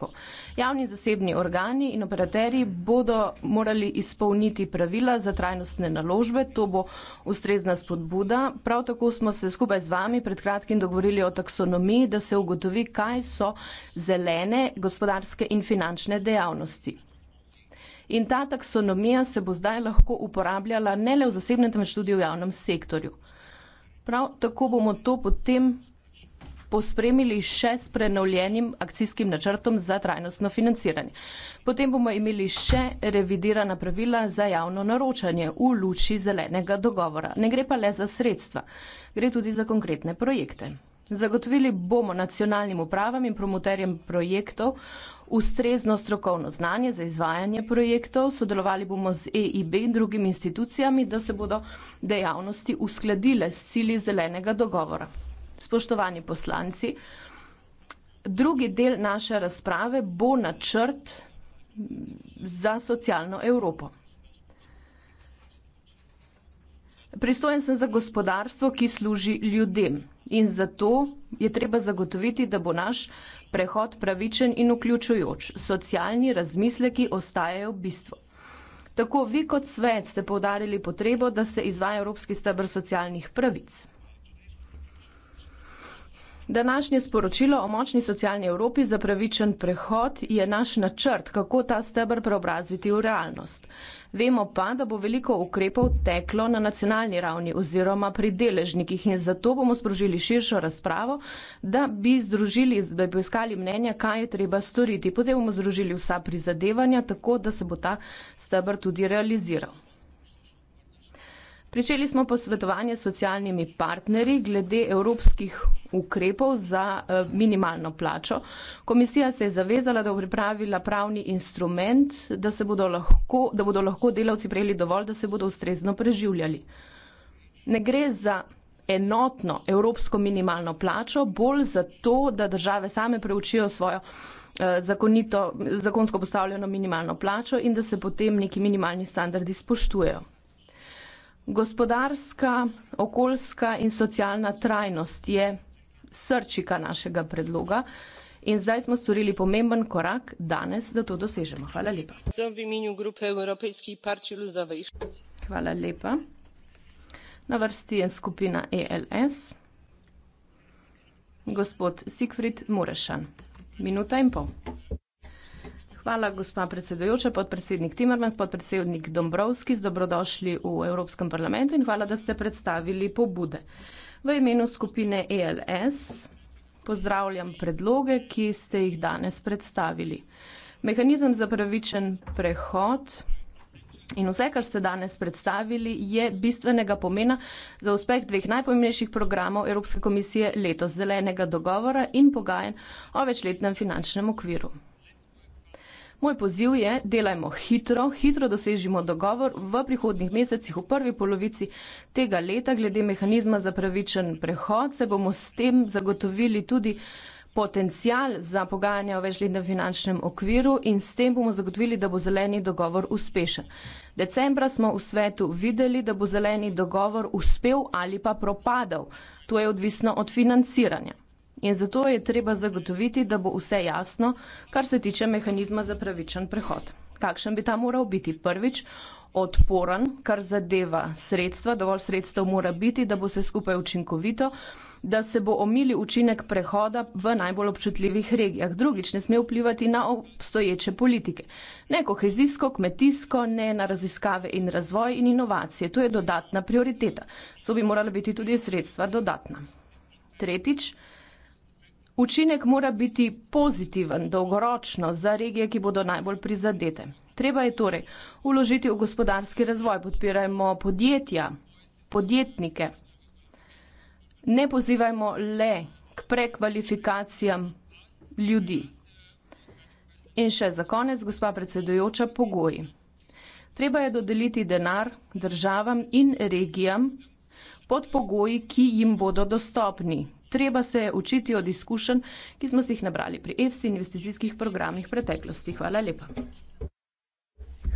podatkov. Javni zasebni organi in operaterji bodo morali izpolniti pravila za trajnostne naložbe, to bo ustrezna spodbuda. Prav tako smo se skupaj z vami pred kratkim dogovorili o taksonomiji, da se ugotovi, kaj so zelene gospodarske in finančne dejavnosti. In ta taksonomija se bo zdaj lahko uporabljala ne le v zasebnem, temveč tudi v javnem sektorju. Prav tako bomo to potem pospremili še s prenovljenim akcijskim načrtom za trajnostno financiranje. Potem bomo imeli še revidirana pravila za javno naročanje v luči zelenega dogovora. Ne gre pa le za sredstva, gre tudi za konkretne projekte. Zagotovili bomo nacionalnim upravam in promoterjem projektov ustrezno strokovno znanje za izvajanje projektov, sodelovali bomo z EIB in drugimi institucijami, da se bodo dejavnosti uskladile s cili zelenega dogovora spoštovani poslanci. Drugi del naše razprave bo načrt za socialno Evropo. Pristojen sem za gospodarstvo, ki služi ljudem in zato je treba zagotoviti, da bo naš prehod pravičen in vključujoč. Socialni razmisleki ostajajo bistvo. Tako vi kot svet ste povdarili potrebo, da se izvaja Evropski stebr socialnih pravic. Današnje sporočilo o močni socialni Evropi za pravičen prehod je naš načrt, kako ta stebr preobraziti v realnost. Vemo pa, da bo veliko ukrepov teklo na nacionalni ravni oziroma pri deležnikih in zato bomo sprožili širšo razpravo, da bi združili, da bi iskali mnenja, kaj je treba storiti. Potem bomo združili vsa prizadevanja, tako da se bo ta stebr tudi realiziral. Pričeli smo posvetovanje s socialnimi partnerji glede evropskih ukrepov za eh, minimalno plačo. Komisija se je zavezala, da bo pripravila pravni instrument, da, bodo lahko, da bodo lahko delavci prejeli dovolj, da se bodo ustrezno preživljali. Ne gre za enotno evropsko minimalno plačo, bolj za to, da države same preučijo svojo eh, zakonito, zakonsko postavljeno minimalno plačo in da se potem neki minimalni standardi spoštujejo. Gospodarska, okoljska in socialna trajnost je srčika našega predloga in zdaj smo storili pomemben korak danes, da to dosežemo. Hvala lepa. Hvala lepa. Na vrsti je skupina ELS. Gospod Sigfrid Murešan. Minuta in pol. Hvala, gospa predsedujoča, podpredsednik Timmermans, podpredsednik Dombrovski, dobrodošli v Evropskem parlamentu in hvala, da ste predstavili pobude. V imenu skupine ELS pozdravljam predloge, ki ste jih danes predstavili. Mehanizem za pravičen prehod in vse, kar ste danes predstavili, je bistvenega pomena za uspeh dveh najpomembnejših programov Evropske komisije letos zelenega dogovora in pogajanj o večletnem finančnem okviru. Moj poziv je, delajmo hitro, hitro dosežimo dogovor v prihodnih mesecih, v prvi polovici tega leta, glede mehanizma za pravičen prehod, se bomo s tem zagotovili tudi potencial za pogajanje o večletnem finančnem okviru in s tem bomo zagotovili, da bo zeleni dogovor uspešen. Decembra smo v svetu videli, da bo zeleni dogovor uspel ali pa propadal. To je odvisno od financiranja. In zato je treba zagotoviti, da bo vse jasno, kar se tiče mehanizma za pravičen prehod. Kakšen bi ta moral biti? Prvič, odporen, kar zadeva sredstva, dovolj sredstev mora biti, da bo se skupaj učinkovito, da se bo omili učinek prehoda v najbolj občutljivih regijah. Drugič, ne sme vplivati na obstoječe politike. Ne kohezijsko, kmetijsko, ne na raziskave in razvoj in inovacije. To je dodatna prioriteta. So bi morala biti tudi sredstva dodatna. Tretjič, Učinek mora biti pozitiven, dolgoročno za regije, ki bodo najbolj prizadete. Treba je torej uložiti v gospodarski razvoj, podpirajmo podjetja, podjetnike. Ne pozivajmo le k prekvalifikacijam ljudi. In še za konec, gospa predsedujoča, pogoji. Treba je dodeliti denar državam in regijam pod pogoji, ki jim bodo dostopni, Treba se je učiti od izkušenj, ki smo si jih nabrali pri EFSI investicijskih programih preteklosti. Hvala lepa.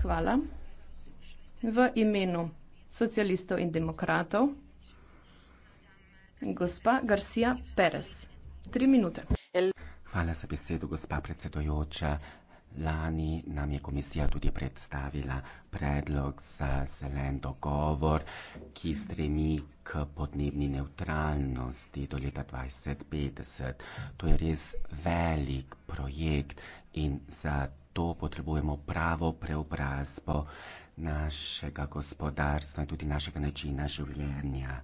Hvala. V imenu socialistov in demokratov, gospa Garcia Perez. Tri minute. Hvala za besedo, gospa predsedujoča. Lani nam je komisija tudi predstavila predlog za zelen dogovor, ki stremi k podnebni neutralnosti do leta 2050. To je res velik projekt in zato potrebujemo pravo preobrazbo našega gospodarstva in tudi našega načina življenja.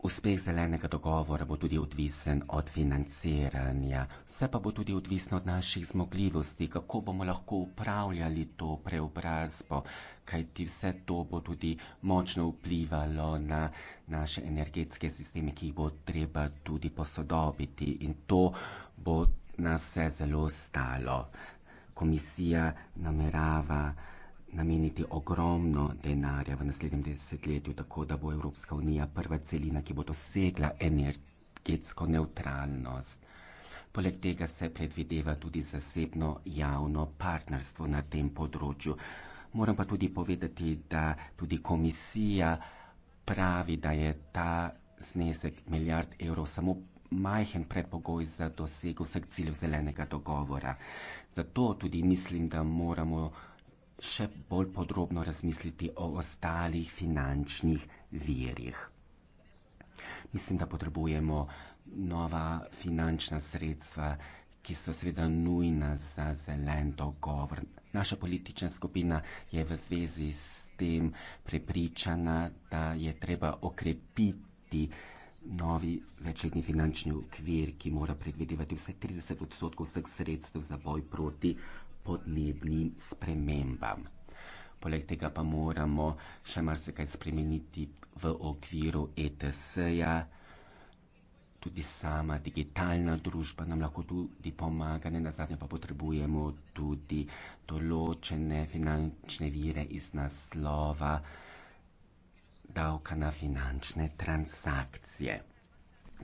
Uspeh zelenega dogovora bo tudi odvisen od financiranja, vse pa bo tudi odvisno od naših zmogljivosti, kako bomo lahko upravljali to preobrazbo, kajti vse to bo tudi močno vplivalo na naše energetske sisteme, ki jih bo treba tudi posodobiti in to bo nas vse zelo stalo. Komisija namerava nameniti ogromno denarja v naslednjem desetletju, tako da bo Evropska unija prva celina, ki bo dosegla energetsko neutralnost. Poleg tega se predvideva tudi zasebno javno partnerstvo na tem področju. Moram pa tudi povedati, da tudi komisija pravi, da je ta znesek milijard evrov samo majhen predpogoj za dosego vseh ciljev zelenega dogovora. Zato tudi mislim, da moramo še bolj podrobno razmisliti o ostalih finančnih virih. Mislim, da potrebujemo nova finančna sredstva, ki so seveda nujna za zelen dogovor. Naša politična skupina je v zvezi s tem prepričana, da je treba okrepiti novi večletni finančni okvir, ki mora predvidevati vse 30 odstotkov vseh sredstev za boj proti podnebnim spremembam. Poleg tega pa moramo še marsikaj spremeniti v okviru ETS-ja. Tudi sama digitalna družba nam lahko tudi pomaga, ne na zadnje pa potrebujemo tudi določene finančne vire iz naslova davka na finančne transakcije.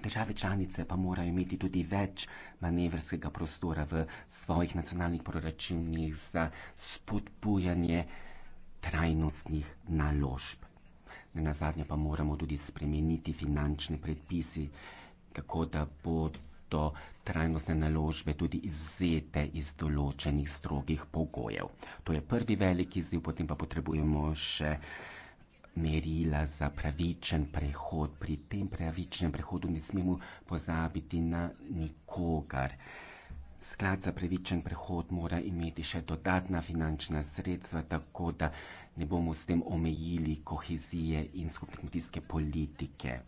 Države članice pa morajo imeti tudi več manevrskega prostora v svojih nacionalnih proračunih za spodbujanje trajnostnih naložb. Na zadnje pa moramo tudi spremeniti finančne predpisi, tako da bodo trajnostne naložbe tudi izvzete iz določenih strogih pogojev. To je prvi veliki ziv, potem pa potrebujemo še merila za pravičen prehod. Pri tem pravičnem prehodu ne smemo pozabiti na nikogar. Sklad za pravičen prehod mora imeti še dodatna finančna sredstva, tako da ne bomo s tem omejili kohezije in skupne kmetijske politike.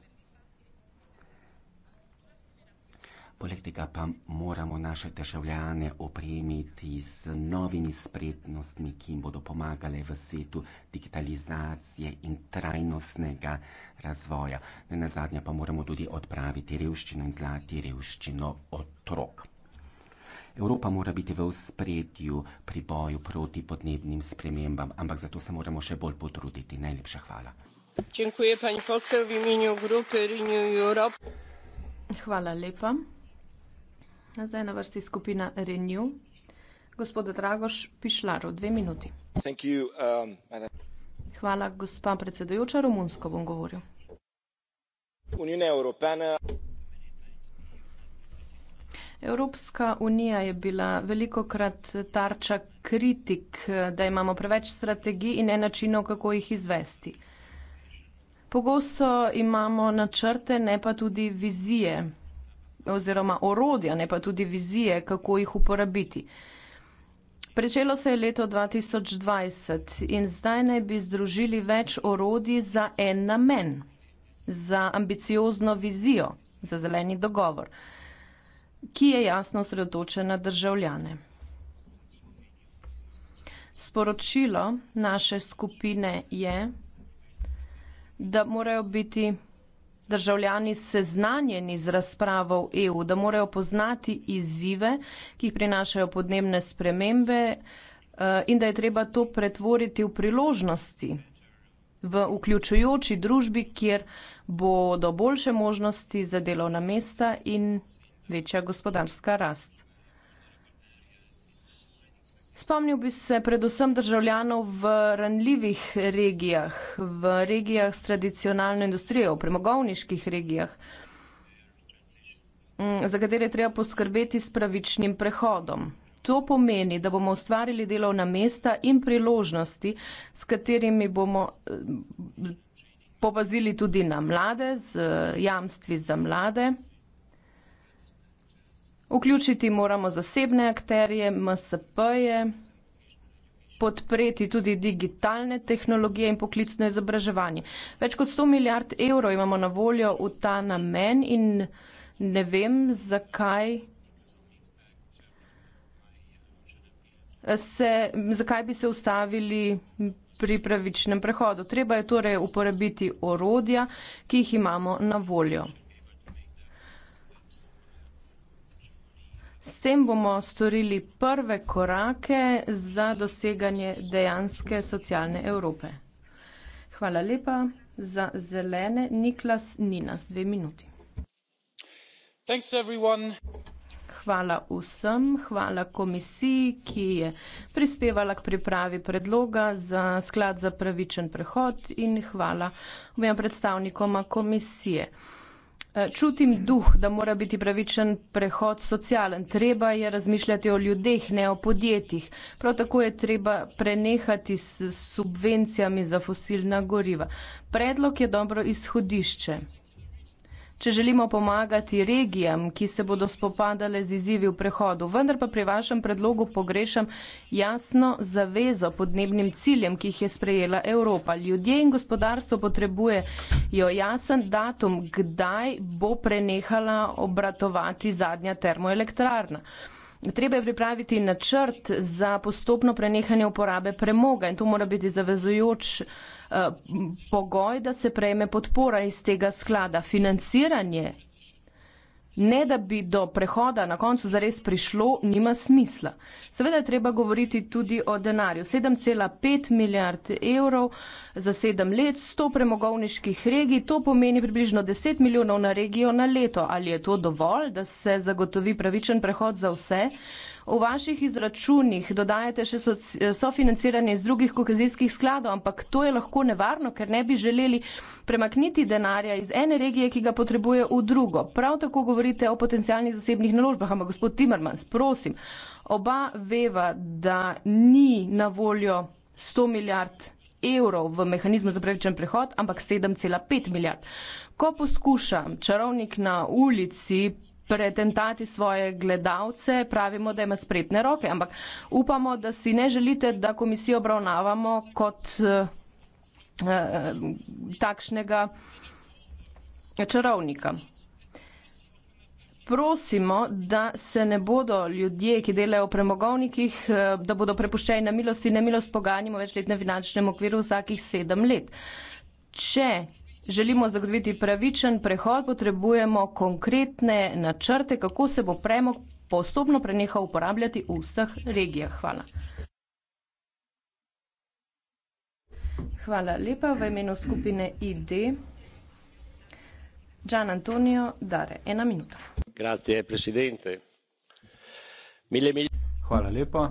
Poleg tega pa moramo naše državljane opremiti z novimi spretnostmi, ki jim bodo pomagale v svetu digitalizacije in trajnostnega razvoja. Ne na zadnje pa moramo tudi odpraviti revščino in zlati revščino otrok. Evropa mora biti v spredju pri boju proti podnebnim spremembam, ampak zato se moramo še bolj potruditi. Najlepša hvala. Hvala lepa. Zdaj na vrsti skupina Renew. Gospod Dragoš Pišlar, v dve minuti. Um, Hvala, gospa predsedujoča. Romunsko bom govoril. Evropska unija je bila velikokrat tarča kritik, da imamo preveč strategij in ne načinov, kako jih izvesti. Pogosto imamo načrte, ne pa tudi vizije oziroma orodja, ne pa tudi vizije, kako jih uporabiti. Prečelo se je leto 2020 in zdaj naj bi združili več orodij za en namen, za ambiciozno vizijo, za zeleni dogovor, ki je jasno sredotočen na državljane. Sporočilo naše skupine je, da morajo biti državljani seznanjeni z razpravo v EU, da morajo poznati izzive, ki jih prinašajo podnebne spremembe eh, in da je treba to pretvoriti v priložnosti v vključujoči družbi, kjer bodo boljše možnosti za delovna mesta in večja gospodarska rast. Spomnil bi se predvsem državljanov v ranljivih regijah, v regijah s tradicionalno industrijo, v premogovniških regijah, mm, za katere treba poskrbeti s pravičnim prehodom. To pomeni, da bomo ustvarili delovna mesta in priložnosti, s katerimi bomo eh, popazili tudi na mlade, z eh, jamstvi za mlade. Vključiti moramo zasebne akterje, MSP-je, podpreti tudi digitalne tehnologije in poklicno izobraževanje. Več kot 100 milijard evrov imamo na voljo v ta namen in ne vem, zakaj. Se, zakaj bi se ustavili pri pravičnem prehodu? Treba je torej uporabiti orodja, ki jih imamo na voljo. S tem bomo storili prve korake za doseganje dejanske socialne Evrope. Hvala lepa za zelene. Niklas Ninas, dve minuti. Hvala vsem, hvala komisiji, ki je prispevala k pripravi predloga za sklad za pravičen prehod in hvala obema predstavnikoma komisije. Eh, čutim duh, da mora biti pravičen prehod socialen. Treba je razmišljati o ljudeh, ne o podjetjih. Prav tako je treba prenehati s subvencijami za fosilna goriva. Predlog je dobro izhodišče če želimo pomagati regijam, ki se bodo spopadale z izzivi v prehodu. Vendar pa pri vašem predlogu pogrešam jasno zavezo podnebnim ciljem, ki jih je sprejela Evropa. Ljudje in gospodarstvo potrebujejo jasen datum, kdaj bo prenehala obratovati zadnja termoelektrarna treba je pripraviti načrt za postopno prenehanje uporabe premoga in to mora biti zavezujoč eh, pogoj, da se prejme podpora iz tega sklada. Financiranje ne da bi do prehoda na koncu zares prišlo, nima smisla. Seveda je treba govoriti tudi o denarju. 7,5 milijard evrov za sedem let, 100 premogovniških regij, to pomeni približno 10 milijonov na regijo na leto. Ali je to dovolj, da se zagotovi pravičen prehod za vse? V vaših izračunih dodajate še sofinanciranje iz drugih kohezijskih skladov, ampak to je lahko nevarno, ker ne bi želeli premakniti denarja iz ene regije, ki ga potrebuje v drugo. Prav tako govorite o potencijalnih zasebnih naložbah, ampak gospod Timmermans, prosim, oba veva, da ni na voljo 100 milijard evrov v mehanizmu za pravičen prehod, ampak 7,5 milijard. Ko poskuša čarovnik na ulici pretentati svoje gledalce, pravimo, da ima spretne roke, ampak upamo, da si ne želite, da komisijo obravnavamo kot eh, eh, takšnega čarovnika. Prosimo, da se ne bodo ljudje, ki delajo v premogovnikih, eh, da bodo prepuščeni na milost in nemilost pogajanjem o večletnem finančnem okviru vsakih sedem let. Če Želimo zagotoviti pravičen prehod, potrebujemo konkretne načrte, kako se bo premog postopno prenehal uporabljati v vseh regijah. Hvala. Hvala lepa v imenu skupine ID. Gian Antonio Dare, ena minuta. Hvala lepa.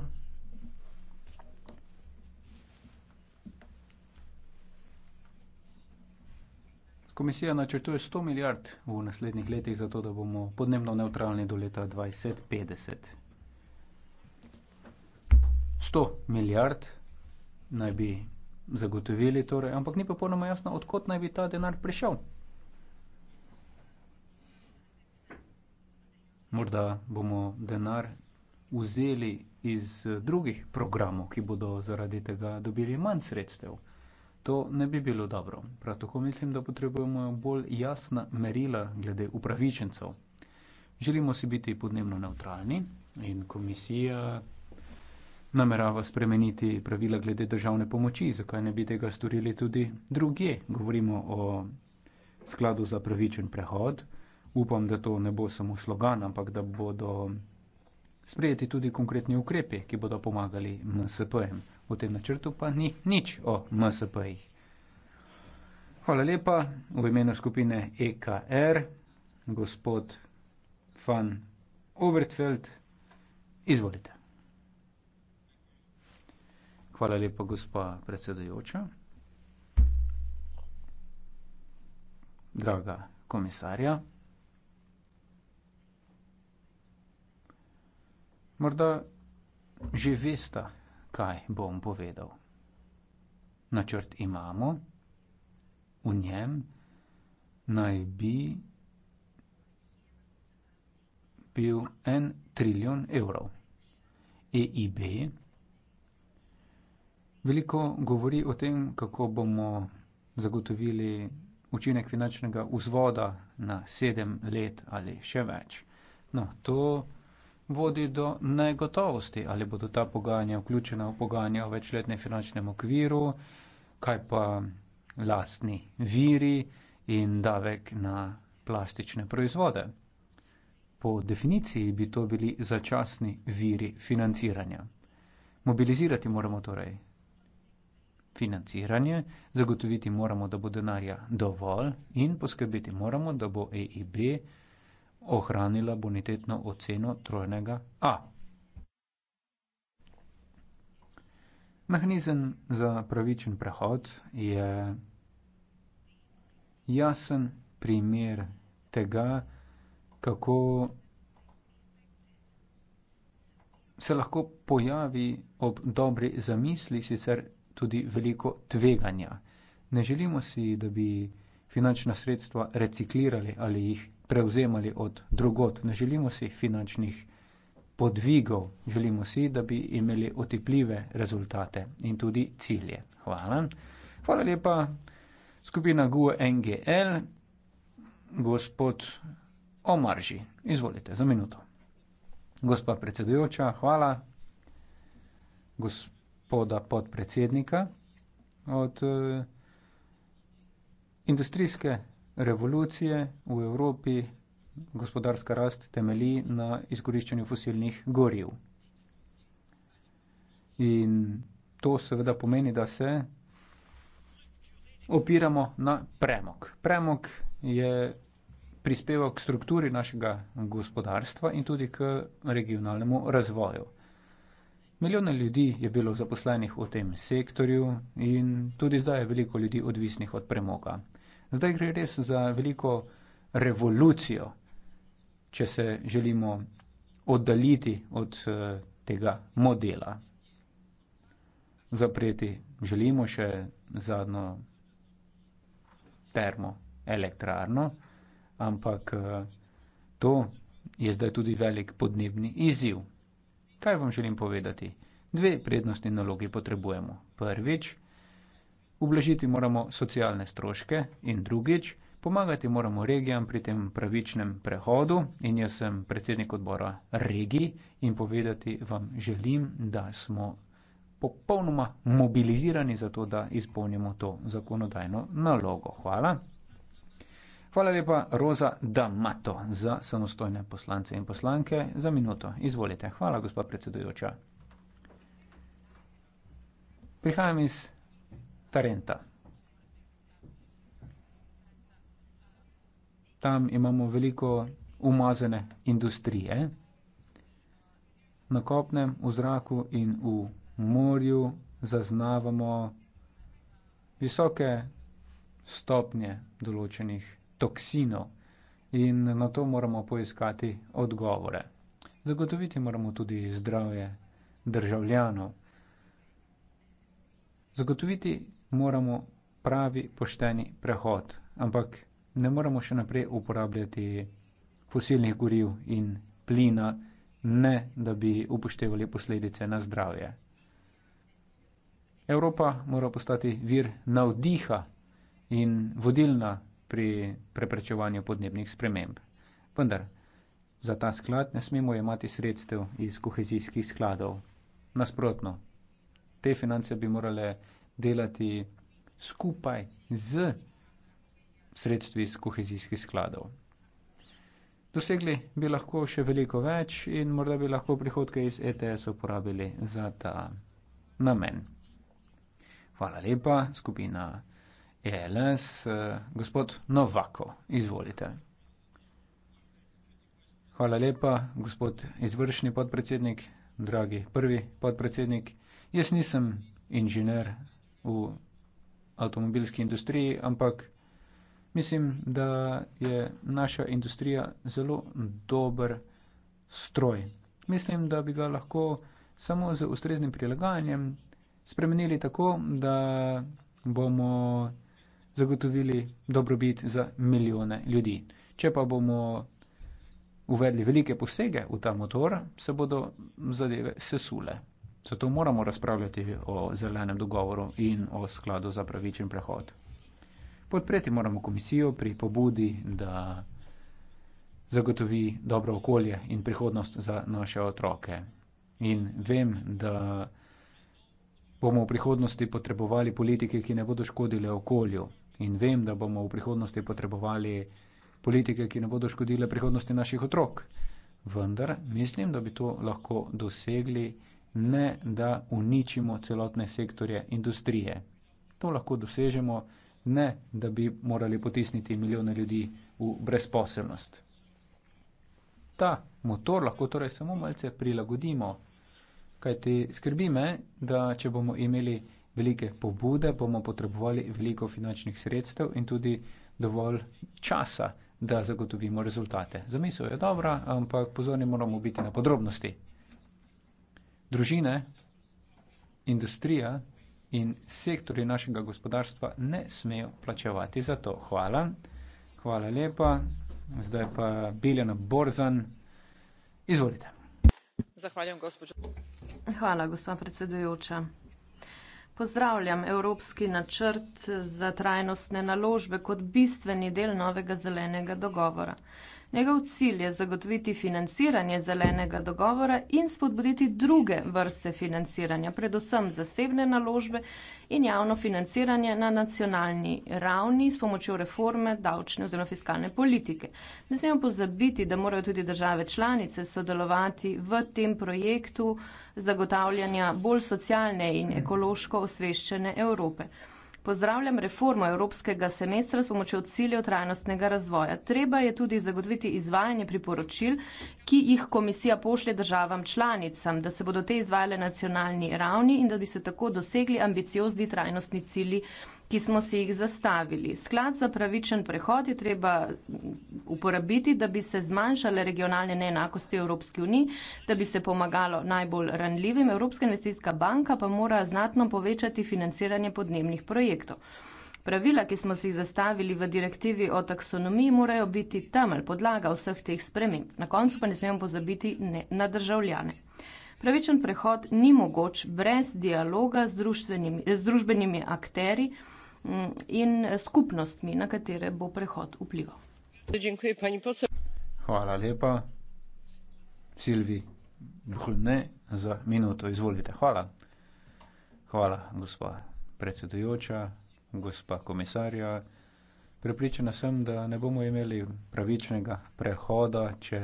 Komisija načrtuje 100 milijard v naslednjih letih, zato da bomo podnebno neutralni do leta 2050. 100 milijard naj bi zagotovili, torej, ampak ni popolnoma jasno, odkot naj bi ta denar prišel. Morda bomo denar vzeli iz drugih programov, ki bodo zaradi tega dobili manj sredstev. To ne bi bilo dobro. Prav tako mislim, da potrebujemo bolj jasna merila glede upravičencev. Želimo si biti podnebno neutralni in komisija namerava spremeniti pravila glede državne pomoči. Zakaj ne bi tega storili tudi druge? Govorimo o skladu za pravičen prehod. Upam, da to ne bo samo slogan, ampak da bodo sprejeti tudi konkretni ukrepe, ki bodo pomagali MSP-jem v tem načrtu pa ni nič o MSP-jih. Hvala lepa v imenu skupine EKR, gospod Van Overtveld, izvolite. Hvala lepa, gospa predsedujoča. Draga komisarja. Morda že veste, kaj bom povedal. Načrt imamo, v njem naj bi bil en trilijon evrov. EIB veliko govori o tem, kako bomo zagotovili učinek finančnega vzvoda na sedem let ali še več. No, to je vodi do negotovosti, ali bodo ta pogajanja vključena v pogajanja o večletnem finančnem okviru, kaj pa lastni viri in davek na plastične proizvode. Po definiciji bi to bili začasni viri financiranja. Mobilizirati moramo torej financiranje, zagotoviti moramo, da bo denarja dovolj in poskrbeti moramo, da bo EIB ohranila bonitetno oceno trojnega A. Mehanizem za pravičen prehod je jasen primer tega, kako se lahko pojavi ob dobri zamisli sicer tudi veliko tveganja. Ne želimo si, da bi finančna sredstva reciklirali ali jih prevzemali od drugod. Ne želimo si finančnih podvigov, želimo si, da bi imeli otepljive rezultate in tudi cilje. Hvala. Hvala lepa skupina GUE NGL, gospod Omarži. Izvolite, za minuto. Gospa predsedujoča, hvala. Gospoda podpredsednika od uh, industrijske revolucije v Evropi gospodarska rast temelji na izkoriščanju fosilnih goriv. In to seveda pomeni, da se opiramo na premog. Premog je prispeval k strukturi našega gospodarstva in tudi k regionalnemu razvoju. Milijone ljudi je bilo zaposlenih v tem sektorju in tudi zdaj je veliko ljudi odvisnih od premoga. Zdaj gre res za veliko revolucijo, če se želimo oddaljiti od eh, tega modela. Zapreti želimo še zadnjo termoelektrarno, ampak eh, to je zdaj tudi velik podnebni izziv. Kaj vam želim povedati? Dve prednostni nalogi potrebujemo. Prvič, ublažiti moramo socialne stroške in drugič, pomagati moramo regijam pri tem pravičnem prehodu in jaz sem predsednik odbora regij in povedati vam želim, da smo popolnoma mobilizirani za to, da izpolnimo to zakonodajno nalogo. Hvala. Hvala lepa, Roza Damato, za samostojne poslance in poslanke. Za minuto, izvolite. Hvala, gospod predsedujoča. Prihajam iz Tarenta. Tam imamo veliko umazane industrije. Na kopnem, v zraku in v morju zaznavamo visoke stopnje določenih toksinov in na to moramo poiskati odgovore. Zagotoviti moramo tudi zdravje državljanov. Zagotoviti moramo pravi pošteni prehod, ampak ne moramo še naprej uporabljati fosilnih goriv in plina, ne da bi upoštevali posledice na zdravje. Evropa mora postati vir navdiha in vodilna pri preprečevanju podnebnih sprememb. Vendar za ta sklad ne smemo imati sredstev iz kohezijskih skladov. Nasprotno, te finance bi morale delati skupaj z sredstvi iz kohezijskih skladov. Dosegli bi lahko še veliko več in morda bi lahko prihodke iz ETS uporabili za ta namen. Hvala lepa, skupina ELS, gospod Novako, izvolite. Hvala lepa, gospod izvršni podpredsednik, dragi prvi podpredsednik. Jaz nisem inžener v avtomobilski industriji, ampak mislim, da je naša industrija zelo dober stroj. Mislim, da bi ga lahko samo z ustreznim prilagajanjem spremenili tako, da bomo zagotovili dobrobit za milijone ljudi. Če pa bomo uvedli velike posege v ta motor, se bodo zadeve sesule. Zato moramo razpravljati o zelenem dogovoru in o skladu za pravičen prehod. Podpreti moramo komisijo pri pobudi, da zagotovi dobro okolje in prihodnost za naše otroke. In vem, da bomo v prihodnosti potrebovali politike, ki ne bodo škodile okolju. In vem, da bomo v prihodnosti potrebovali politike, ki ne bodo škodile prihodnosti naših otrok. Vendar mislim, da bi to lahko dosegli ne da uničimo celotne sektorje industrije. To lahko dosežemo, ne da bi morali potisniti milijone ljudi v brezposelnost. Ta motor lahko torej samo malce prilagodimo, kajti skrbi me, da če bomo imeli velike pobude, bomo potrebovali veliko finančnih sredstev in tudi dovolj časa, da zagotovimo rezultate. Zamisel je dobra, ampak pozorni moramo biti na podrobnosti družine, industrija in sektori našega gospodarstva ne smejo plačevati za to. Hvala. Hvala lepa. Zdaj pa Biljana Borzan. Izvolite. Zahvaljam, gospođo. Hvala, gospa predsedujoča. Pozdravljam Evropski načrt za trajnostne naložbe kot bistveni del novega zelenega dogovora. Njegov cilj je zagotoviti financiranje zelenega dogovora in spodbuditi druge vrste financiranja, predvsem zasebne naložbe in javno financiranje na nacionalni ravni s pomočjo reforme davčne oziroma fiskalne politike. Ne smemo pozabiti, da morajo tudi države članice sodelovati v tem projektu zagotavljanja bolj socialne in ekološko osveščene Evrope. Pozdravljam reformo evropskega semestra s pomočjo ciljev trajnostnega razvoja. Treba je tudi zagotoviti izvajanje priporočil, ki jih komisija pošlje državam članicam, da se bodo te izvajale na nacionalni ravni in da bi se tako dosegli ambiciozni trajnostni cilji ki smo si jih zastavili. Sklad za pravičen prehod je treba uporabiti, da bi se zmanjšale regionalne neenakosti v Evropski uniji, da bi se pomagalo najbolj ranljivim. Evropska investicijska banka pa mora znatno povečati financiranje podnebnih projektov. Pravila, ki smo si jih zastavili v direktivi o taksonomiji, morajo biti temelj podlaga vseh teh sprememb. Na koncu pa ne smemo pozabiti ne, na državljane. Pravičen prehod ni mogoč brez dialoga z, z družbenimi akteri. Mm, in skupnostmi, na katere bo prehod vplival. Hvala lepa, Silvi Brune, za minuto. Izvolite. Hvala. Hvala, gospa predsedujoča, gospa komisarja. Prepričana sem, da ne bomo imeli pravičnega prehoda, če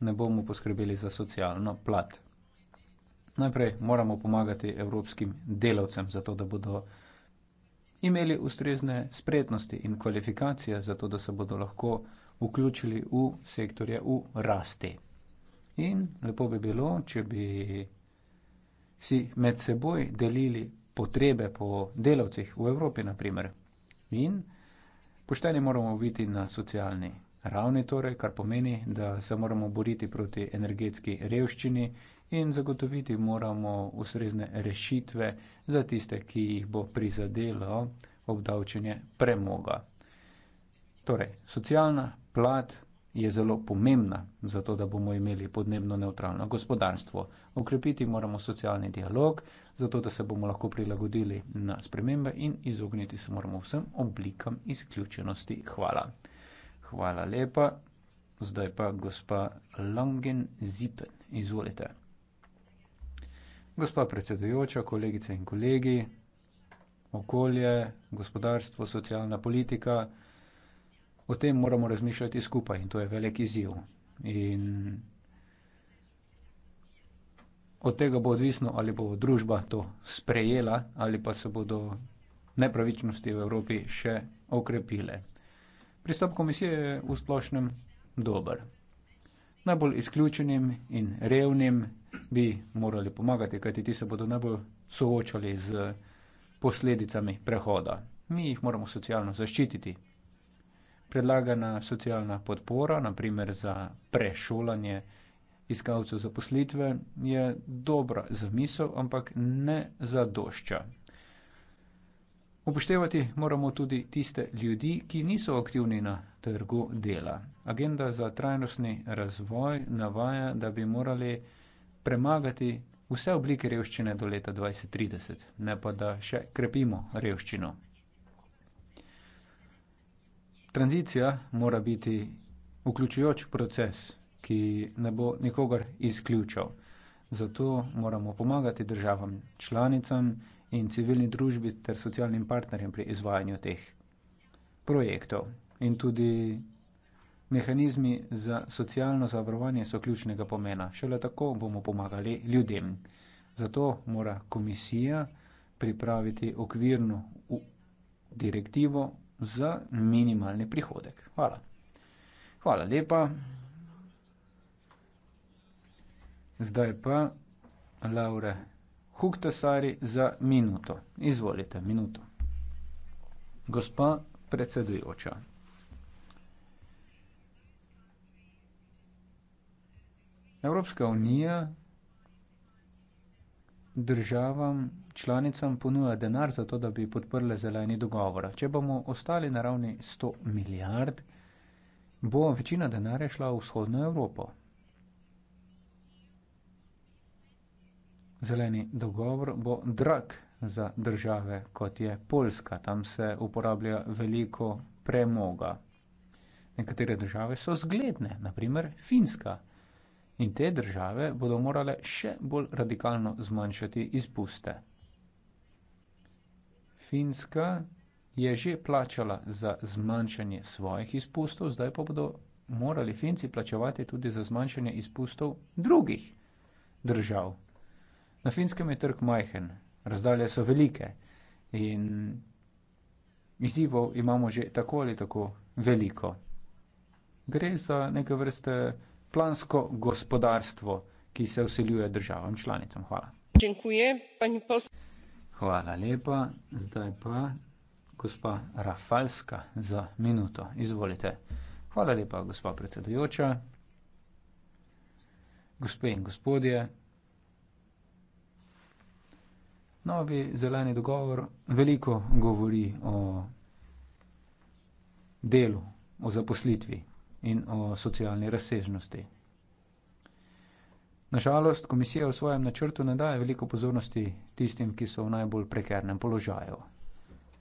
ne bomo poskrbeli za socialno plat. Najprej moramo pomagati evropskim delavcem, zato da bodo imeli ustrezne spretnosti in kvalifikacije, zato da se bodo lahko vključili v sektorje v rasti. In lepo bi bilo, če bi si med seboj delili potrebe po delavcih v Evropi, naprimer. In pošteni moramo biti na socialni ravni, torej, kar pomeni, da se moramo boriti proti energetski revščini in zagotoviti moramo ustrezne rešitve za tiste, ki jih bo prizadelo obdavčenje premoga. Torej, socialna plat je zelo pomembna za to, da bomo imeli podnebno neutralno gospodarstvo. Okrepiti moramo socialni dialog, zato da se bomo lahko prilagodili na spremembe in izogniti se moramo vsem oblikam izključenosti. Hvala. Hvala lepa. Zdaj pa gospa Langen Zipen. Izvolite. Gospa predsedujoča, kolegice in kolegi, okolje, gospodarstvo, socialna politika, o tem moramo razmišljati skupaj in to je velik izziv. In od tega bo odvisno, ali bo družba to sprejela ali pa se bodo nepravičnosti v Evropi še okrepile. Pristop komisije je v splošnem dober. Najbolj izključenim in revnim bi morali pomagati, kajti ti se bodo najbolj soočali z posledicami prehoda. Mi jih moramo socialno zaščititi. Predlagana socialna podpora, naprimer za prešolanje iskalcev zaposlitve, je dobra za misel, ampak ne zadošča. Upoštevati moramo tudi tiste ljudi, ki niso aktivni na trgu dela. Agenda za trajnostni razvoj navaja, da bi morali premagati vse oblike revščine do leta 2030, ne pa da še krepimo revščino. Tranzicija mora biti vključujoč proces, ki ne bo nikogar izključal. Zato moramo pomagati državam, članicam in civilni družbi ter socialnim partnerjem pri izvajanju teh projektov in tudi Mehanizmi za socialno zavarovanje so ključnega pomena. Šele tako bomo pomagali ljudem. Zato mora komisija pripraviti okvirno direktivo za minimalni prihodek. Hvala. Hvala lepa. Zdaj pa Laure Huktasari za minuto. Izvolite, minuto. Gospa predsedujoča. evropska unija državam članicam ponuja denar zato da bi podprle zeleni dogovor če bomo ostali na ravni 100 milijard bo večina denarja šla v vzhodno evropo zeleni dogovor bo drag za države kot je poljska tam se uporablja veliko premoga nekatere države so zgledne na primer finska in te države bodo morale še bolj radikalno zmanjšati izpuste. Finska je že plačala za zmanjšanje svojih izpustov, zdaj pa bodo morali Finci plačevati tudi za zmanjšanje izpustov drugih držav. Na finskem je trg majhen, razdalje so velike in izzivov imamo že tako ali tako veliko. Gre za neke vrste plansko gospodarstvo, ki se vseljuje državam članicam. Hvala. Hvala lepa. Zdaj pa gospa Rafalska za minuto. Izvolite. Hvala lepa, gospa predsedujoča. Gospe in gospodje. Novi zeleni dogovor veliko govori o delu, o zaposlitvi in o socialni razsežnosti. Nažalost, komisija v svojem načrtu ne daje veliko pozornosti tistim, ki so v najbolj prekernem položaju.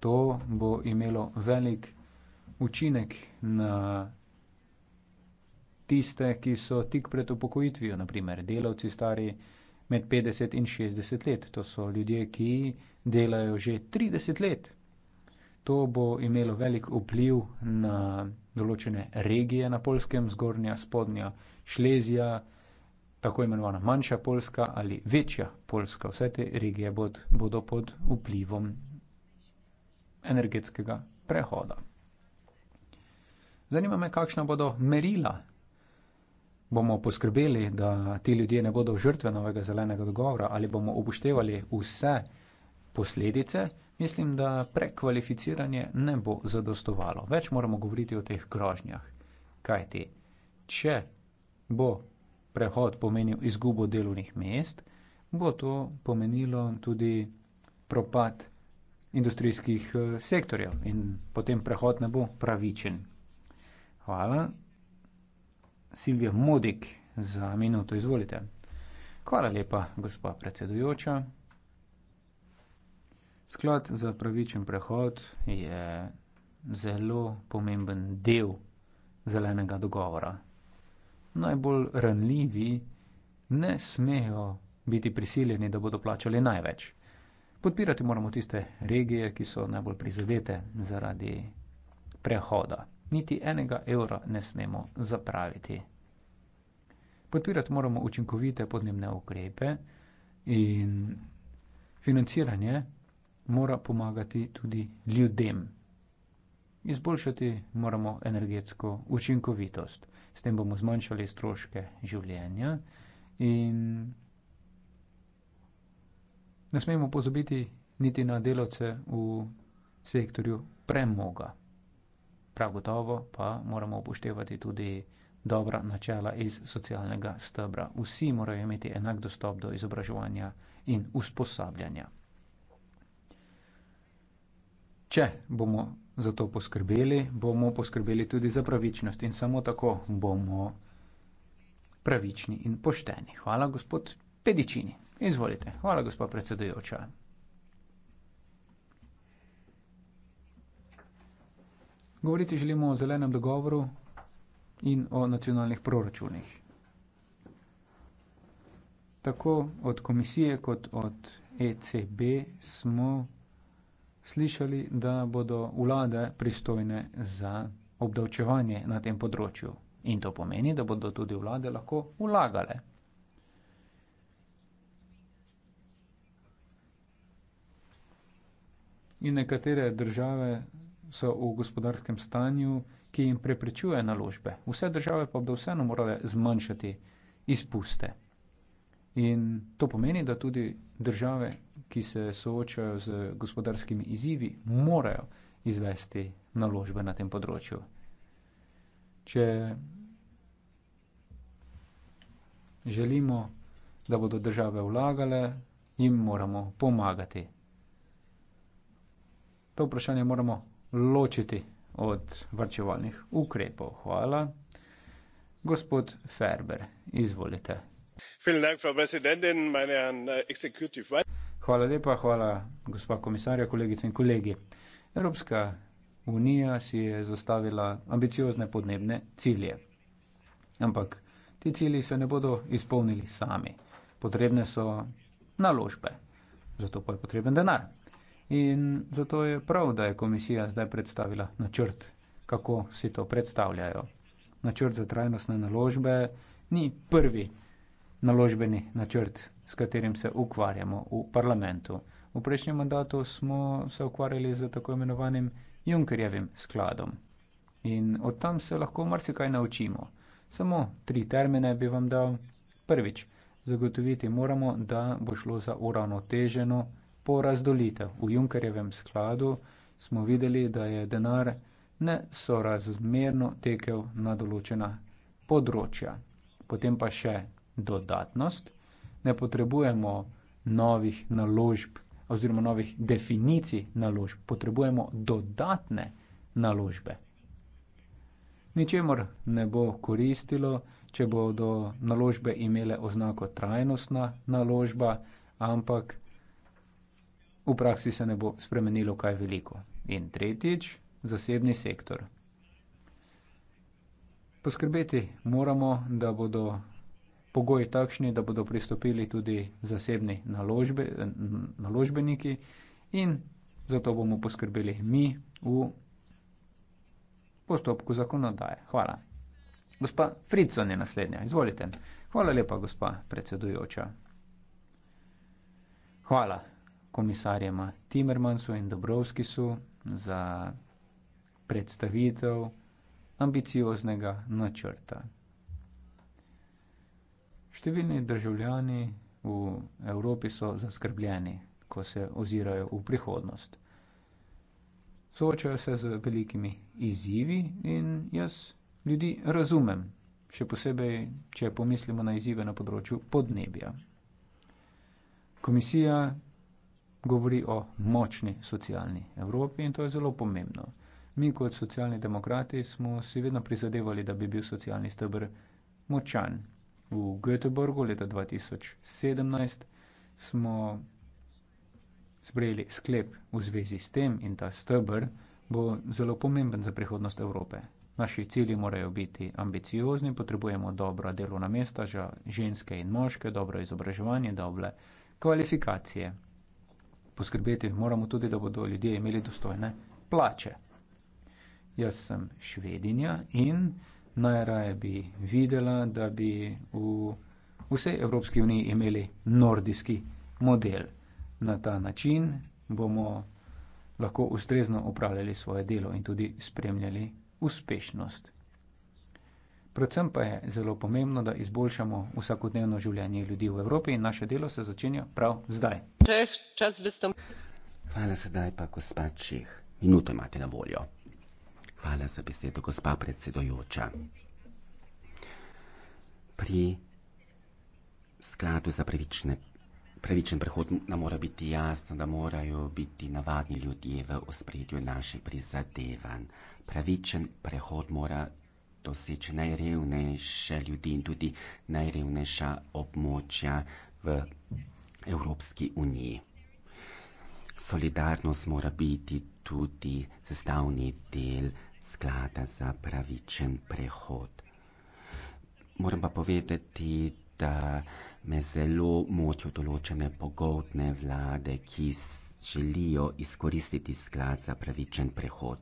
To bo imelo velik učinek na tiste, ki so tik pred upokojitvijo, naprimer delavci stari med 50 in 60 let. To so ljudje, ki delajo že 30 let. To bo imelo velik vpliv na določene regije na Polskem, zgornja, spodnja Šlezija, tako imenovana manjša Polska ali večja Polska. Vse te regije bod, bodo pod vplivom energetskega prehoda. Zanima me, kakšna bodo merila. Bomo poskrbeli, da ti ljudje ne bodo žrtve novega zelenega dogovora ali bomo upoštevali vse posledice, mislim, da prekvalificiranje ne bo zadostovalo. Več moramo govoriti o teh grožnjah. Kaj ti? Če bo prehod pomenil izgubo delovnih mest, bo to pomenilo tudi propad industrijskih eh, sektorjev in potem prehod ne bo pravičen. Hvala. Silvija Modik za minuto, izvolite. Hvala lepa, gospa predsedujoča. Sklad za pravičen prehod je zelo pomemben del zelenega dogovora. Najbolj ranljivi ne smejo biti prisiljeni, da bodo plačali največ. Podpirati moramo tiste regije, ki so najbolj prizadete zaradi prehoda. Niti enega evra ne smemo zapraviti. Podpirati moramo učinkovite podnebne ukrepe in financiranje mora pomagati tudi ljudem izboljšati moramo energetsko učinkovitost s tem bomo zmanjšali stroške življenja in ne smemo pozabiti niti na delavce v sektorju premoga prav gotovo pa moramo upoštevati tudi dobra načela iz socialnega stebra vsi morajo imeti enak dostop do izobraževanja in usposabljanja Če bomo za to poskrbeli, bomo poskrbeli tudi za pravičnost in samo tako bomo pravični in pošteni. Hvala, gospod Pedičini. Izvolite. Hvala, gospod predsedujoča. Govoriti želimo o zelenem dogovoru in o nacionalnih proračunih. Tako od komisije kot od ECB smo slišali, da bodo vlade pristojne za obdavčevanje na tem področju. In to pomeni, da bodo tudi vlade lahko ulagale. In nekatere države so v gospodarskem stanju, ki jim preprečuje naložbe. Vse države pa bodo vseeno morale zmanjšati izpuste. In to pomeni, da tudi države, ki se soočajo z gospodarskimi izzivi, morajo izvesti naložbe na tem področju. Če želimo, da bodo države vlagale, jim moramo pomagati. To vprašanje moramo ločiti od varčevalnih ukrepov. Hvala. Gospod Ferber, izvolite. Äh, hvala lepa, hvala gospa komisarja, kolegice in kolegi. Evropska unija si je zastavila ambiciozne podnebne cilje. Ampak ti cilji se ne bodo izpolnili sami. Potrebne so naložbe, zato pa je potreben denar. In zato je prav, da je komisija zdaj predstavila načrt, kako si to predstavljajo. Načrt za trajnostne naložbe ni prvi naložbeni načrt, s katerim se ukvarjamo v parlamentu. V prejšnjem mandatu smo se ukvarjali z tako imenovanim Junkerjevim skladom. In od tam se lahko marsikaj naučimo. Samo tri termine bi vam dal. Prvič, zagotoviti moramo, da bo šlo za uravnoteženo porazdolitev. V Junkerjevem skladu smo videli, da je denar nesorazmerno tekel na določena področja. Potem pa še dodatnost, ne potrebujemo novih naložb oziroma novih definicij naložb, potrebujemo dodatne naložbe. Ničemor ne bo koristilo, če bodo naložbe imele oznako trajnostna naložba, ampak v praksi se ne bo spremenilo kaj veliko. In tretjič, zasebni sektor. Poskrbeti moramo, da bodo pogoji takšni, da bodo pristopili tudi zasebni naložbe, naložbeniki in zato bomo poskrbeli mi v postopku zakonodaje. Hvala. Gospa Fritzon je naslednja. Izvolite. Hvala lepa, gospa predsedujoča. Hvala komisarjema Timmermansu in Dobrovskisu za predstavitev ambicioznega načrta številni državljani v evropi so zaskrbljeni ko se ozirajo v prihodnost soočajo se z velikimi izzivi in jaz ljudi razumem še posebej če pomislimo na izzive na področju podnebja komisija govori o močni socialni Evropi in to je zelo pomembno. Mi kot socialni demokrati smo si vedno prizadevali, da bi bil socialni stebr močan v göteborgu leta 2017 smo sprejeli sklep v zvezi s tem in ta steber bo zelo pomemben za prihodnost evrope naši cilji morajo biti ambiciozni potrebujemo dobra delovna mesta za ženske in moške dobro izobraževanje dobre kvalifikacije poskrbeti moramo tudi da bodo ljudje imeli dostojne plače jaz sem švedinja in najraje bi videla, da bi v vsej Evropski uniji imeli nordijski model. Na ta način bomo lahko ustrezno upravljali svoje delo in tudi spremljali uspešnost. Predvsem pa je zelo pomembno, da izboljšamo vsakodnevno življenje ljudi v Evropi in naše delo se začenja prav zdaj. Čeh, čas, Hvala sedaj pa, gospa Čeh. Minuto imate na voljo. Hvala za besedo, gospa predsedojoča. Pri skladu za pravične, pravičen prehod nam mora biti jasno, da morajo biti navadni ljudje v ospredju naših prizadevanj. Pravičen prehod mora doseči najrevnejše ljudi in tudi najrevnejša območja v Evropski uniji. Solidarnost mora biti tudi sestavni del sklada za pravičen prehod. Moram pa povedati, da me zelo motijo določene pogodne vlade, ki želijo izkoristiti sklad za pravičen prehod.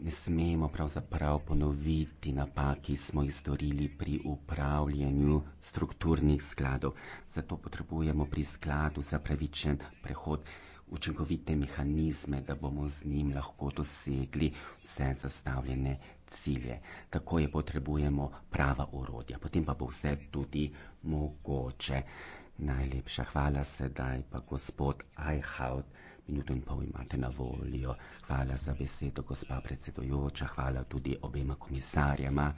Ne smemo pravzaprav ponoviti napak, ki smo jih storili pri upravljanju strukturnih skladov. Zato potrebujemo pri skladu za pravičen prehod učinkovite mehanizme, da bomo z njim lahko dosegli vse zastavljene cilje. Tako je potrebujemo prava urodja, potem pa bo vse tudi mogoče. Najlepša hvala sedaj pa gospod Eichhaut minuto in pol imate na voljo. Hvala za besedo, gospa predsedojoča, hvala tudi obema komisarjama.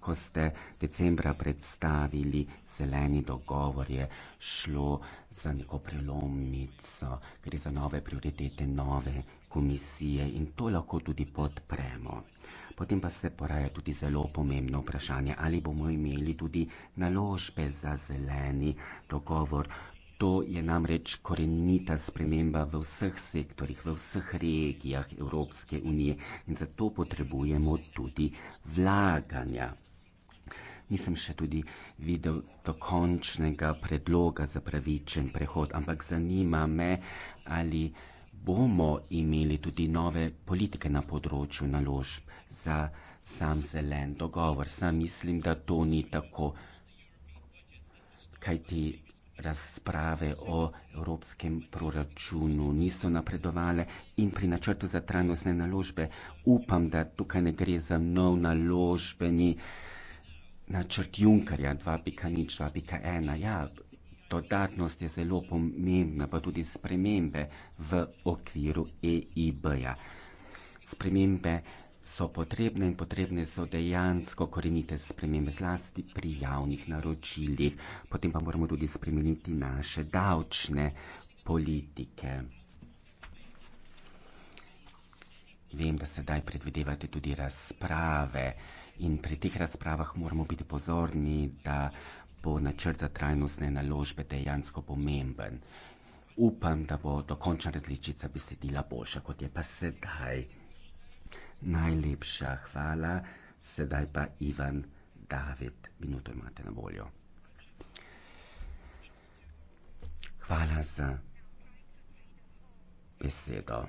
Ko ste decembra predstavili zeleni dogovor, je šlo za neko prelomnico, gre za nove prioritete nove komisije in to lahko tudi podpremo. Potem pa se poraja tudi zelo pomembno vprašanje, ali bomo imeli tudi naložbe za zeleni dogovor. To je namreč korenita sprememba v vseh sektorjih, v vseh regijah Evropske unije in zato potrebujemo tudi vlaganja. Nisem še tudi videl dokončnega predloga za pravičen prehod, ampak zanima me, ali bomo imeli tudi nove politike na področju naložb za sam zelen dogovor. Sam mislim, da to ni tako. Kaj ti razprave o evropskem proračunu niso napredovale in pri načrtu za trajnostne naložbe. Upam, da tukaj ne gre za nov naložbeni načrt Junkerja 2.0-2.1. Ja, dodatnost je zelo pomembna, pa tudi spremembe v okviru EIB-ja. Spremembe so potrebne in potrebne so dejansko korenite spremembe zlasti pri javnih naročilih. Potem pa moramo tudi spremeniti naše davčne politike. Vem, da sedaj predvidevate tudi razprave in pri teh razpravah moramo biti pozorni, da bo načrt za trajnostne naložbe dejansko pomemben. Upam, da bo dokončna različica besedila boljša, kot je pa sedaj. Najlepša hvala, sedaj pa Ivan David, minuto imate na voljo. Hvala za besedo.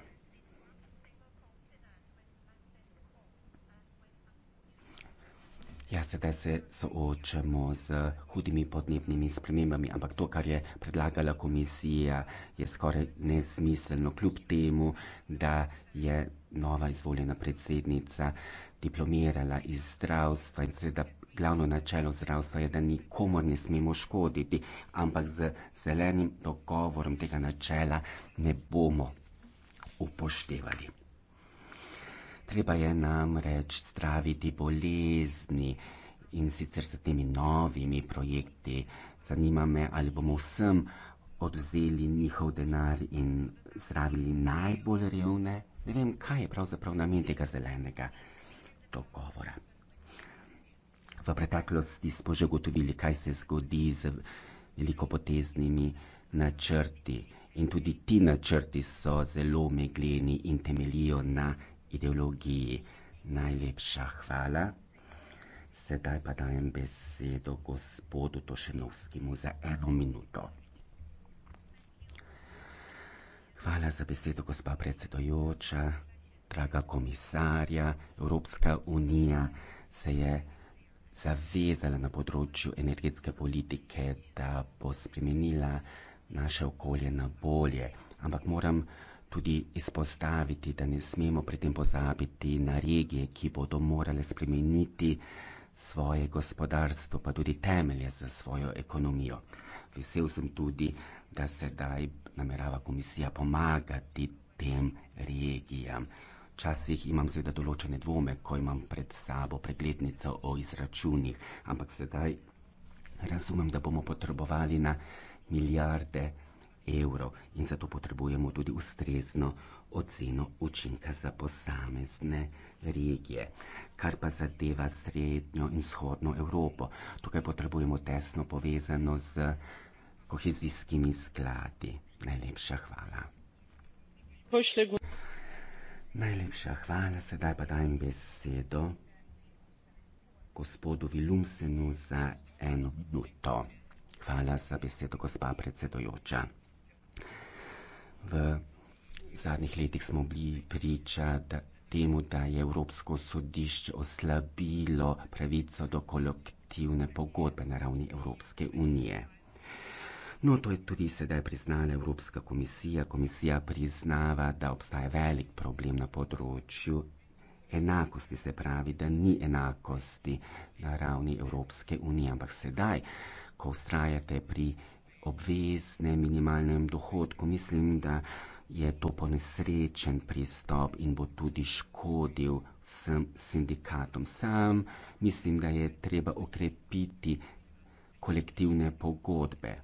Ja, sedaj se soočamo z hudimi podnebnimi spremembami, ampak to, kar je predlagala komisija, je skoraj nesmiselno, kljub temu, da je nova izvoljena predsednica diplomirala iz zdravstva in seveda glavno načelo zdravstva je, da nikomor ne smemo škoditi, ampak z zelenim dogovorom tega načela ne bomo upoštevali. Treba je namreč zdraviti bolezni in sicer s temi novimi projekti. Zanima me, ali bomo vsem odvzeli njihov denar in zdravili najbolj revne ne vem, kaj je pravzaprav namen tega zelenega dogovora. V preteklosti smo že ugotovili, kaj se zgodi z veliko poteznimi načrti. In tudi ti načrti so zelo megleni in temelijo na ideologiji. Najlepša hvala. Sedaj pa dajem besedo gospodu Tošenovskemu za eno minuto. Hvala za besedo, gospa predsedojoča, draga komisarja. Evropska unija se je zavezala na področju energetske politike, da bo spremenila naše okolje na bolje. Ampak moram tudi izpostaviti, da ne smemo pri tem pozabiti na regije, ki bodo morale spremeniti svoje gospodarstvo, pa tudi temelje za svojo ekonomijo. Vesel sem tudi, da sedaj namerava komisija pomagati tem regijam. Včasih imam seveda določene dvome, ko imam pred sabo preglednico o izračunih, ampak sedaj razumem, da bomo potrebovali na milijarde evrov in zato potrebujemo tudi ustrezno oceno učinka za posamezne regije. Kar pa zadeva srednjo in vzhodno Evropo, tukaj potrebujemo tesno povezano z kohezijskimi skladi. Najlepša hvala. Najlepša hvala, sedaj pa dajem besedo gospodu Vilumsenu za eno minuto. Hvala za besedo, gospa predsedojoča. V zadnjih letih smo bili priča da, temu, da je Evropsko sodišče oslabilo pravico do kolektivne pogodbe na ravni Evropske unije. No, to je tudi sedaj priznala Evropska komisija. Komisija priznava, da obstaja velik problem na področju enakosti, se pravi, da ni enakosti na ravni Evropske unije. Ampak sedaj, ko ustrajate pri obveznem minimalnem dohodku, mislim, da je to ponesrečen pristop in bo tudi škodil vsem sindikatom. Sam mislim, da je treba okrepiti kolektivne pogodbe.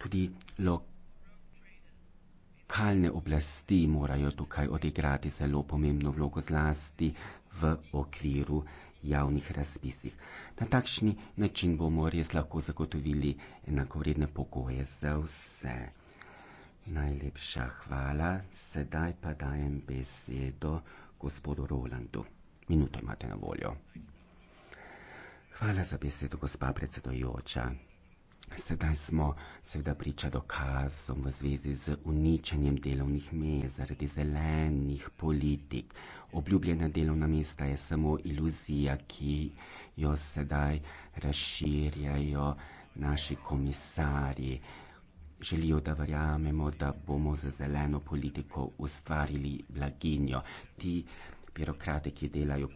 tudi lokalne oblasti morajo tukaj odigrati zelo pomembno vlogo zlasti v okviru javnih razpisih. Na takšni način bomo res lahko zagotovili enakovredne pogoje za vse. Najlepša hvala, sedaj pa dajem besedo gospodu Rolandu. Minuto imate na voljo. Hvala za besedo, gospa predsedojoča. Sedaj smo seveda priča dokazom v zvezi z uničenjem delovnih mest zaradi zelenih politik. Obljubljena delovna mesta je samo iluzija, ki jo sedaj razširjajo naši komisarji. Želijo, da verjamemo, da bomo za zeleno politiko ustvarili blaginjo. Ti birokrati, ki delajo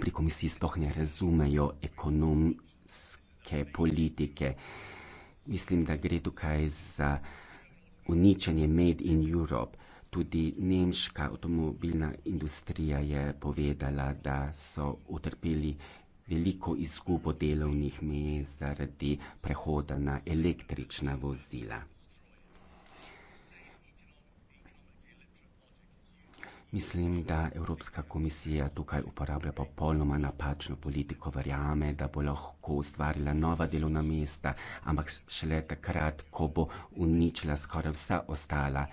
pri komisiji, sploh ne razumejo ekonomske neke politike. Mislim, da gre tukaj za uničenje Made in Europe. Tudi nemška avtomobilna industrija je povedala, da so utrpeli veliko izgubo delovnih mest zaradi prehoda na električna vozila. Mislim, da Evropska komisija tukaj uporablja popolnoma napačno politiko, verjame, da bo lahko ustvarila nova delovna mesta, ampak šele takrat, ko bo uničila skoraj vsa ostala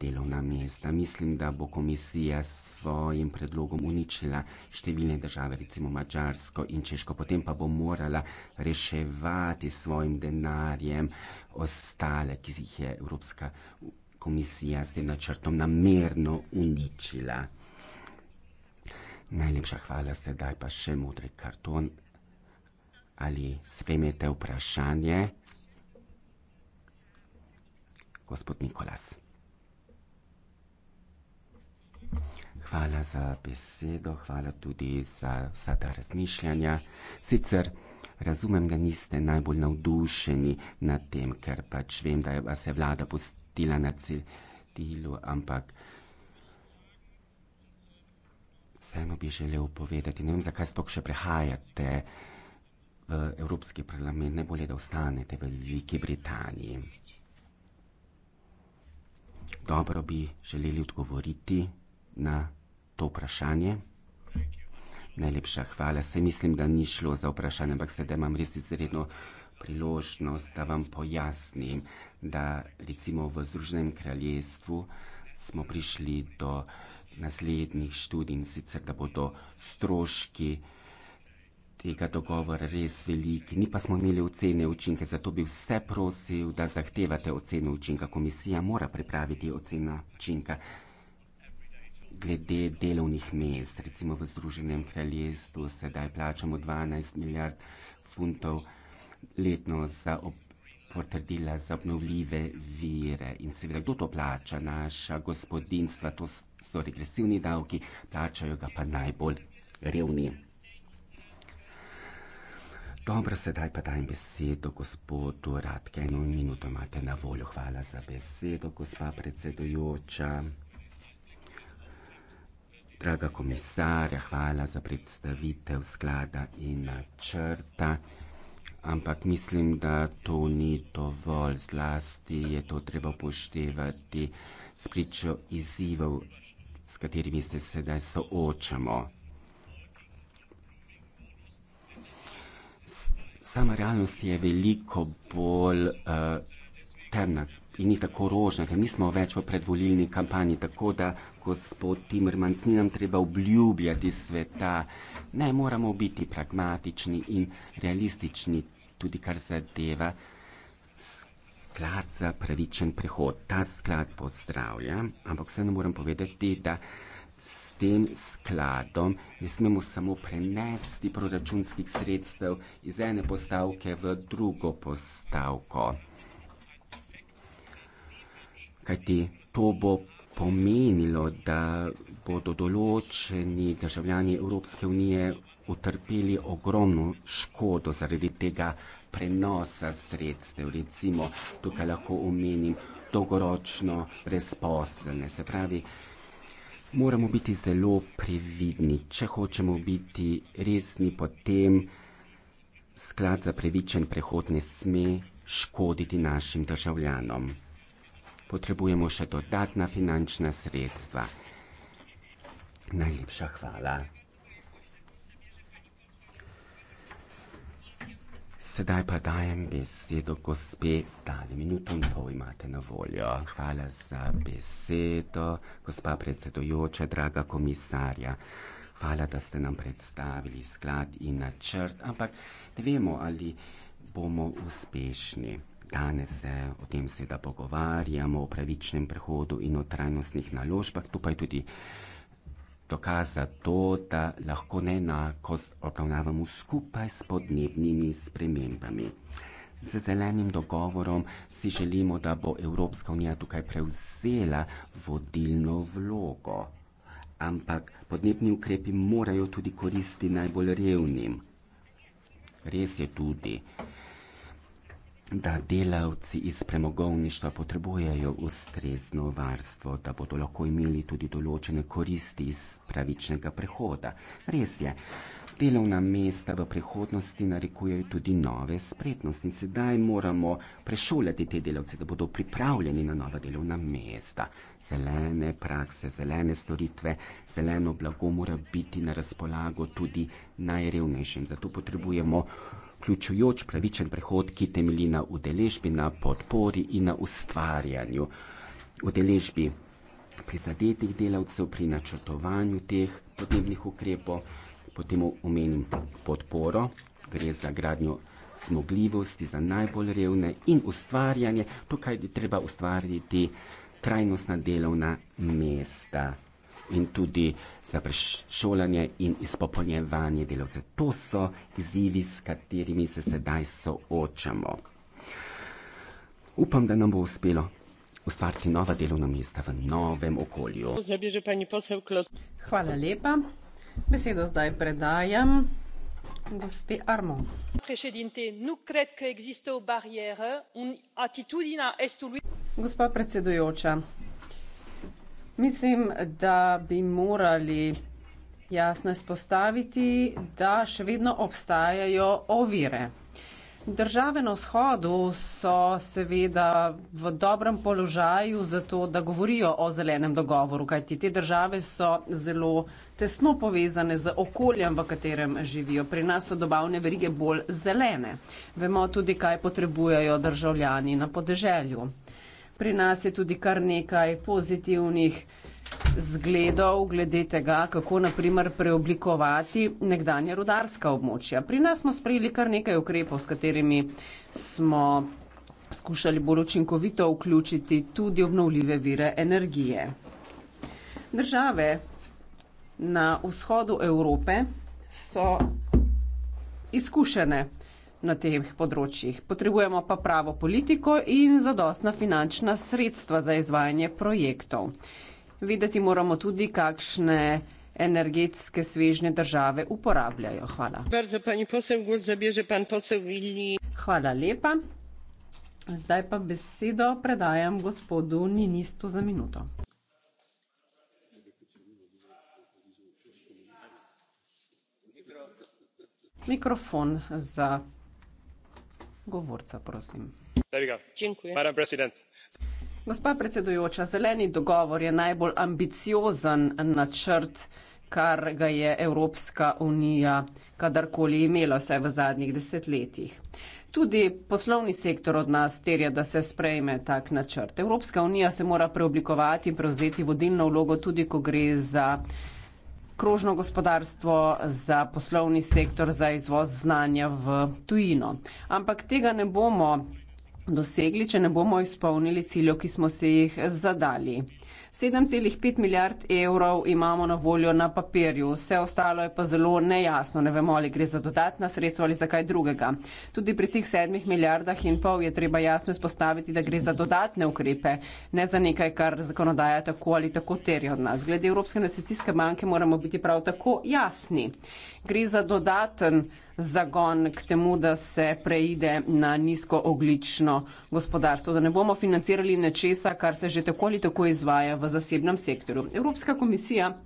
delovna mesta. Mislim, da bo komisija s svojim predlogom uničila številne države, recimo Mačarsko in Češko, potem pa bo morala reševati svojim denarjem ostale, ki jih je Evropska komisija s tem načrtom namerno uničila. Najlepša hvala, sedaj pa še modri karton. Ali spremete vprašanje? Gospod Nikolas. Hvala za besedo, hvala tudi za vsa ta razmišljanja. Sicer razumem, da niste najbolj navdušeni nad tem, ker pač vem, da vas je vlada postavila Tila Nacilo, ampak vseeno bi želel povedati, ne vem, zakaj sploh še prehajate v Evropski parlament, ne bolje, da ostanete v Veliki Britaniji. Dobro bi želeli odgovoriti na to vprašanje. Najlepša hvala. Se mislim, da ni šlo za vprašanje, ampak sedaj imam res izredno. Uh, priložnost, da vam pojasnim, da recimo v Združenem kraljestvu smo prišli do naslednjih študij in sicer, da bodo stroški tega dogovora res veliki, mi pa smo imeli ocene učinke, zato bi vse prosil, da zahtevate oceno učinka. Komisija mora pripraviti oceno učinka glede delovnih mest. Recimo v Združenem kraljestvu sedaj plačamo dvanajst milijard funtov letno za ob, potrdila za obnovljive vire. In seveda, kdo to plača? Naša gospodinstva, to so regresivni davki, plačajo ga pa najbolj revni. Dobro, sedaj pa dajem besedo gospodu Radke. Eno minuto imate na voljo. Hvala za besedo, gospa predsedujoča. Draga komisarja, hvala za predstavitev sklada in načrta ampak mislim, da to ni dovolj, zlasti je to treba upoštevati s pričo izzivov, s katerimi se sedaj soočamo. Sama realnost je veliko bolj uh, temna in ni tako rožna, ker nismo več v predvolilni kampanji, tako da gospod Timrmans, ni nam treba obljubljati sveta. Ne, moramo biti pragmatični in realistični, tudi kar zadeva sklad za pravičen prehod. Ta sklad pozdravljam, ampak se ne moram povedati, da s tem skladom ne smemo samo prenesti proračunskih sredstev iz ene postavke v drugo postavko. Kajti to bo pomenilo, da bodo določeni državljani Evropske unije utrpeli ogromno škodo zaradi tega prenosa sredstev. Recimo, tukaj lahko omenim dolgoročno brezposelne. Se pravi, moramo biti zelo previdni, če hočemo biti resni, potem sklad za previčen prehod ne sme škoditi našim državljanom potrebujemo še dodatna finančna sredstva. Najlepša hvala. Sedaj pa dajem besedo gospe Dali. Minuto in pol imate na voljo. Hvala za besedo, gospa predsedujoča, draga komisarja. Hvala, da ste nam predstavili sklad in načrt, ampak ne vemo, ali bomo uspešni danes se o tem seveda pogovarjamo, o pravičnem prehodu in o trajnostnih naložbah, tu pa je tudi dokaz za to, da lahko neenakost obravnavamo skupaj s podnebnimi spremembami. Z zelenim dogovorom si želimo, da bo Evropska unija tukaj prevzela vodilno vlogo. Ampak podnebni ukrepi morajo tudi koristi najbolj revnim. Res je tudi, da delavci iz premogovništva potrebujejo ustrezno varstvo, da bodo lahko imeli tudi določene koristi iz pravičnega prehoda. Res je. Delovna mesta v prihodnosti narekujejo tudi nove spretnosti in sedaj moramo prešuljati te delavce, da bodo pripravljeni na nova delovna mesta. Zelene prakse, zelene storitve, zeleno blago mora biti na razpolago tudi najrevnejšim. Zato potrebujemo vključujoč pravičen prehod, ki temelji na udeležbi, na podpori in na ustvarjanju. Udeležbi prizadetih delavcev pri načrtovanju teh podnebnih ukrepov, potem omenim podporo, gre za gradnjo zmogljivosti za najbolj revne in ustvarjanje, tukaj je treba ustvariti trajnostna delovna mesta in tudi za prešolanje in izpopolnjevanje delovcev. To so izzivi, s katerimi se sedaj soočamo. Upam, da nam bo uspelo ustvariti nova delovna mesta v novem okolju. Hvala lepa. Besedo zdaj predajam gospe Armon. Gospa predsedujoča, Mislim, da bi morali jasno izpostaviti, da še vedno obstajajo ovire. Države na vzhodu so seveda v dobrem položaju za to, da govorijo o zelenem dogovoru, kajti te države so zelo tesno povezane z okoljem, v katerem živijo. Pri nas so dobavne verige bolj zelene. Vemo tudi, kaj potrebujejo državljani na podeželju pri nas je tudi kar nekaj pozitivnih zgledov glede tega, kako naprimer preoblikovati nekdanje rudarska območja. Pri nas smo sprejeli kar nekaj ukrepov, s katerimi smo skušali bolj učinkovito vključiti tudi obnovljive vire energije. Države na vzhodu Evrope so izkušene na teh področjih. Potrebujemo pa pravo politiko in zadostna finančna sredstva za izvajanje projektov. Videti moramo tudi, kakšne energetske svežnje države uporabljajo. Hvala. Hvala lepa. Zdaj pa besedo predajam gospodu Ninistu za minuto. Mikrofon za govorca prosim. gospa predsedujoča zeleni dogovor je najbolj ambiciozen načrt kar ga je evropska unija kadarkoli imela vsaj v zadnjih desetletjih. tudi poslovni sektor od nas terja da se sprejme tak načrt evropska unija se mora preoblikovati prevzeti vodilno vlogo tudi ko gre za krožno gospodarstvo, za poslovni sektor, za izvoz znanja v tujino. Ampak tega ne bomo dosegli, če ne bomo izpolnili ciljev, ki smo se jih zadali. 7,5 milijard evrov imamo na voljo na papirju, vse ostalo je pa zelo nejasno, ne vemo, ali gre za dodatna sredstva ali za kaj drugega. Tudi pri teh 7 milijardah in pol je treba jasno izpostaviti, da gre za dodatne ukrepe, ne za nekaj, kar zakonodaja tako ali tako terja od nas. Glede Evropske investicijske banke moramo biti prav tako jasni. Gre za dodaten ukrep zagon k temu, da se preide na nizkooglično gospodarstvo, da ne bomo financirali nečesa, kar se že tako ali tako izvaja v zasebnem sektorju. Evropska komisija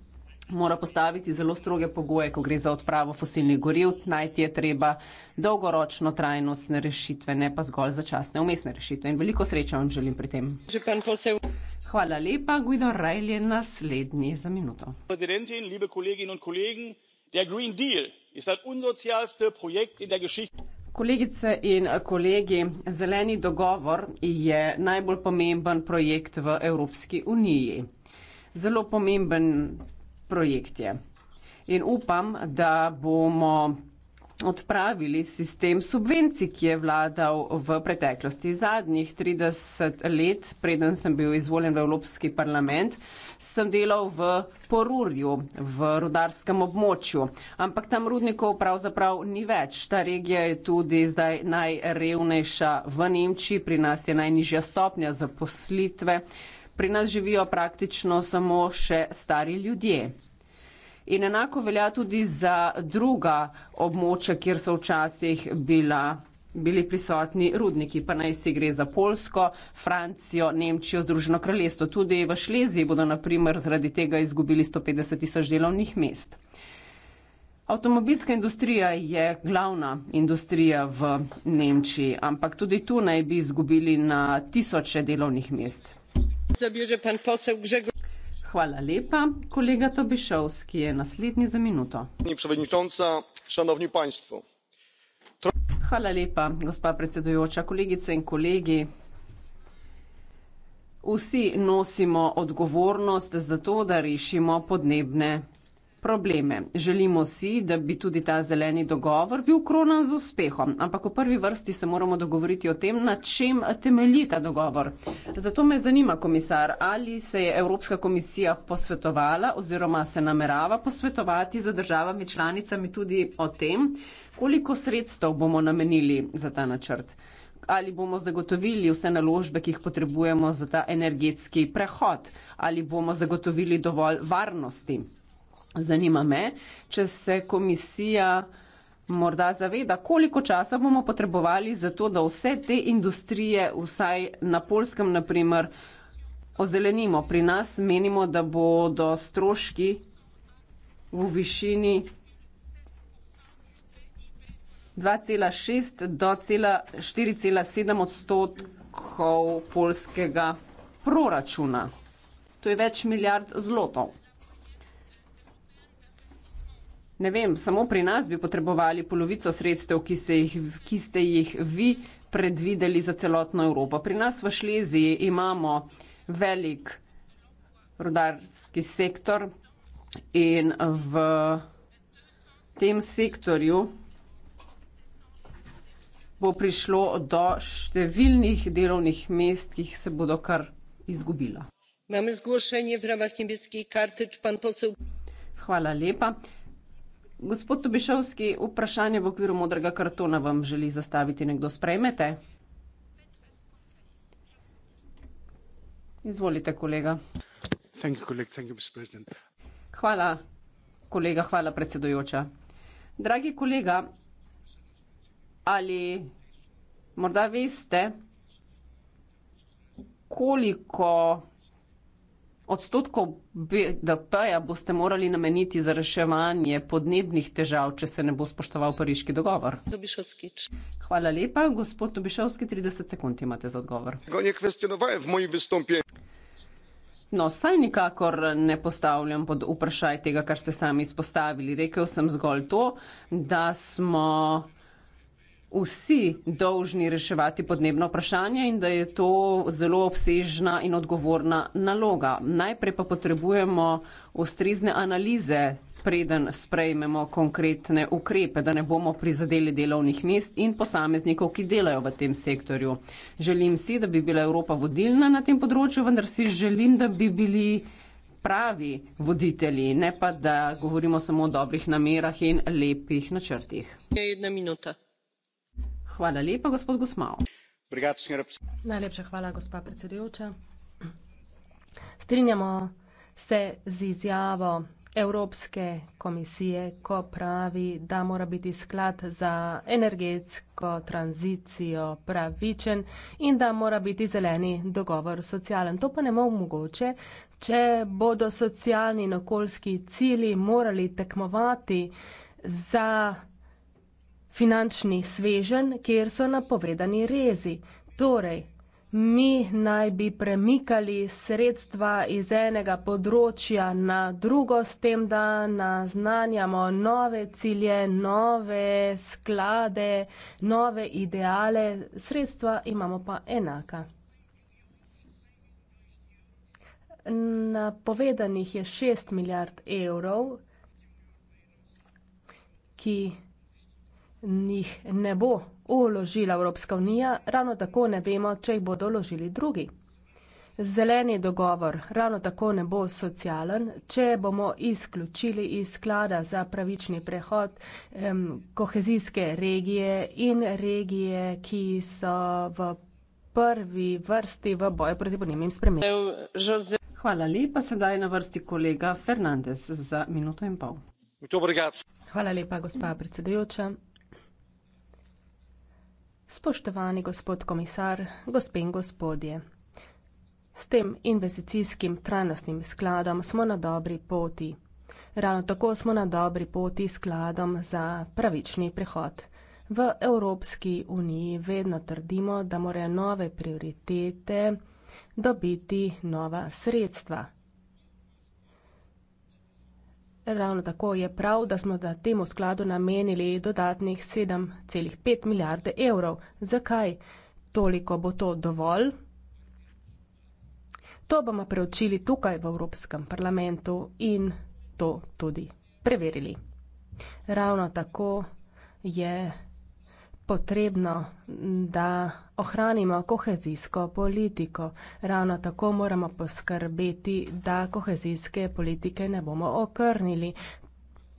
mora postaviti zelo stroge pogoje, ko gre za odpravo fosilnih goriv, najti je treba dolgoročno trajnostne rešitve, ne pa zgolj začasne umestne rešitve. In veliko sreče vam želim pri tem. Hvala lepa, Guido Rajl je naslednji za minuto. Kolegin kolegin, Green Deal ist das unsozialste projekt in der geschichte. Kolegice in kolegi, zeleni dogovor je najbolj pomemben projekt v Evropski uniji. Zelo pomemben projekt je. In upam, da bomo odpravili sistem subvencij, ki je vladal v preteklosti. Zadnjih 30 let, preden sem bil izvoljen v Evropski parlament, sem delal v porurju, v rudarskem območju. Ampak tam rudnikov pravzaprav ni več. Ta regija je tudi zdaj najrevnejša v Nemčiji, pri nas je najnižja stopnja zaposlitve. Pri nas živijo praktično samo še stari ljudje. In enako velja tudi za druga območja, kjer so včasih bila, bili prisotni rudniki, pa naj si gre za Polsko, Francijo, Nemčijo, Združeno kraljestvo. Tudi v Šleziji bodo naprimer zaradi tega izgubili 150 tisoč delovnih mest. Avtomobilska industrija je glavna industrija v Nemčiji, ampak tudi tu naj bi izgubili na tisoče delovnih mest. Zabiže pan posel Grzegorj. Hvala lepa. Kolega Tobišovski je naslednji za minuto. Hvala lepa, gospa predsedujoča. Kolegice in kolegi. Vsi nosimo odgovornost za to, da rešimo podnebne probleme. Želimo si, da bi tudi ta zeleni dogovor bil kronan z uspehom, ampak v prvi vrsti se moramo dogovoriti o tem, na čem temelji ta dogovor. Zato me zanima, komisar, ali se je Evropska komisija posvetovala oziroma se namerava posvetovati z državami članicami tudi o tem, koliko sredstev bomo namenili za ta načrt. Ali bomo zagotovili vse naložbe, ki jih potrebujemo za ta energetski prehod? Ali bomo zagotovili dovolj varnosti? Zanima me, če se komisija morda zaveda, koliko časa bomo potrebovali za to, da vse te industrije, vsaj na polskem, naprimer, ozelenimo. Pri nas menimo, da bodo stroški v višini 2,6 do 4,7 odstotkov polskega proračuna. To je več milijard zlotov. Ne vem, samo pri nas bi potrebovali polovico sredstev, ki, jih, ki ste jih vi predvideli za celotno Evropo. Pri nas v Šleziji imamo velik rodarski sektor in v tem sektorju bo prišlo do številnih delovnih mest, ki se bodo kar izgubila. Hvala lepa. Gospod Tobišovski, vprašanje v okviru modrega kartona vam želi zastaviti nekdo. Sprejmete? Izvolite, kolega. Hvala, kolega, hvala, predsedujoča. Dragi kolega, ali morda veste, koliko Odstotkov BDP-ja boste morali nameniti za reševanje podnebnih težav, če se ne bo spoštoval pariški dogovor. Hvala lepa, gospod Tobišovski, 30 sekund imate za odgovor. No, saj nikakor ne postavljam pod vprašaj tega, kar ste sami izpostavili. Rekel sem zgolj to, da smo vsi dolžni reševati podnebno vprašanje in da je to zelo obsežna in odgovorna naloga. Najprej pa potrebujemo ustrezne analize, preden sprejmemo konkretne ukrepe, da ne bomo prizadeli delovnih mest in posameznikov, ki delajo v tem sektorju. Želim si, da bi bila Evropa vodilna na tem področju, vendar si želim, da bi bili pravi voditelji, ne pa da govorimo samo o dobrih namerah in lepih načrtih. Je ena minuta. Hvala lepa, gospod Gusmao. Najlepša hvala, gospa predsedujoča. Strinjamo se z izjavo Evropske komisije, ko pravi, da mora biti sklad za energetsko tranzicijo pravičen in da mora biti zeleni dogovor socialen. To pa ne bo mogoče, če bodo socialni in okoljski cili morali tekmovati za finančni svežen, kjer so napovedani rezi. Torej, mi naj bi premikali sredstva iz enega področja na drugo, s tem, da naznanjamo nove cilje, nove sklade, nove ideale, sredstva imamo pa enaka. Napovedanih je 6 milijard evrov, ki njih ne bo uložila Evropska unija, ravno tako ne vemo, če jih bodo uložili drugi. Zeleni dogovor ravno tako ne bo socialen, če bomo izključili iz sklada za pravični prehod em, kohezijske regije in regije, ki so v prvi vrsti v boju proti podnebnim spremembam. Hvala lepa, sedaj na vrsti kolega Fernandez za minuto in pol. Hvala lepa, gospa predsedujoča. Spoštovani gospod komisar, gospe in gospodje. S tem investicijskim trajnostnim skladom smo na dobri poti. Ravno tako smo na dobri poti skladom za pravični prehod. V Evropski uniji vedno trdimo, da morajo nove prioritete dobiti nova sredstva. Ravno tako je prav, da smo da temu skladu namenili dodatnih 7,5 milijarde evrov. Zakaj toliko bo to dovolj? To bomo preučili tukaj v Evropskem parlamentu in to tudi preverili. Ravno tako je potrebno, da ohranimo kohezijsko politiko. Ravno tako moramo poskrbeti, da kohezijske politike ne bomo okrnili.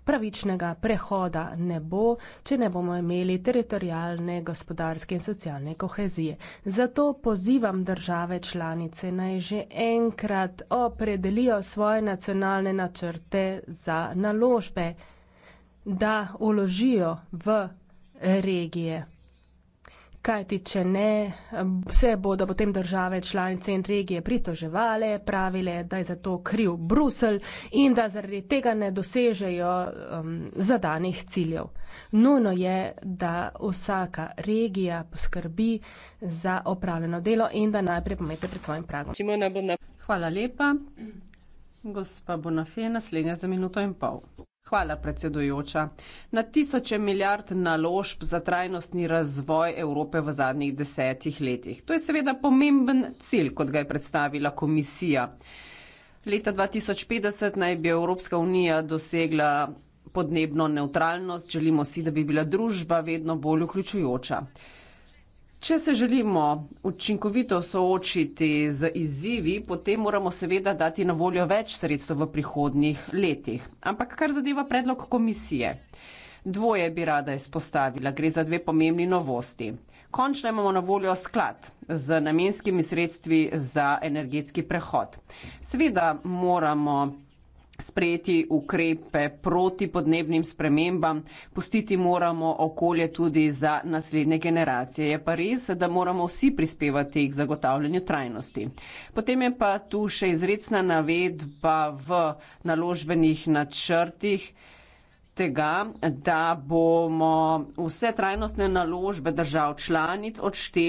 Pravičnega prehoda ne bo, če ne bomo imeli teritorijalne, gospodarske in socialne kohezije. Zato pozivam države članice naj že enkrat opredelijo svoje nacionalne načrte za naložbe, da uložijo v regije. Kaj ti, če ne, vse bodo potem države članice in regije pritoževale, pravile, da je za to kriv Brusel in da zaradi tega ne dosežejo um, zadanih ciljev. Nuno je, da vsaka regija poskrbi za opravljeno delo in da najprej pomete pred svojim pragom. Hvala lepa. Gospa Bonafe, naslednja za minuto in pol. Hvala, predsedujoča. Na tisoče milijard naložb za trajnostni razvoj Evrope v zadnjih desetih letih. To je seveda pomemben cilj, kot ga je predstavila komisija. Leta 2050 naj bi Evropska unija dosegla podnebno neutralnost, želimo si, da bi bila družba vedno bolj vključujoča. Če se želimo učinkovito soočiti z izzivi, potem moramo seveda dati na voljo več sredstev v prihodnih letih. Ampak kar zadeva predlog komisije. Dvoje bi rada izpostavila, gre za dve pomembni novosti. Končno imamo na voljo sklad z namenskimi sredstvi za energetski prehod. Seveda moramo sprejeti ukrepe proti podnebnim spremembam, pustiti moramo okolje tudi za naslednje generacije. Je pa res, da moramo vsi prispevati k zagotavljanju trajnosti. Potem je pa tu še izredna navedba v naložbenih načrtih. Tega, da bomo vse trajnostne naložbe držav članic odšteli.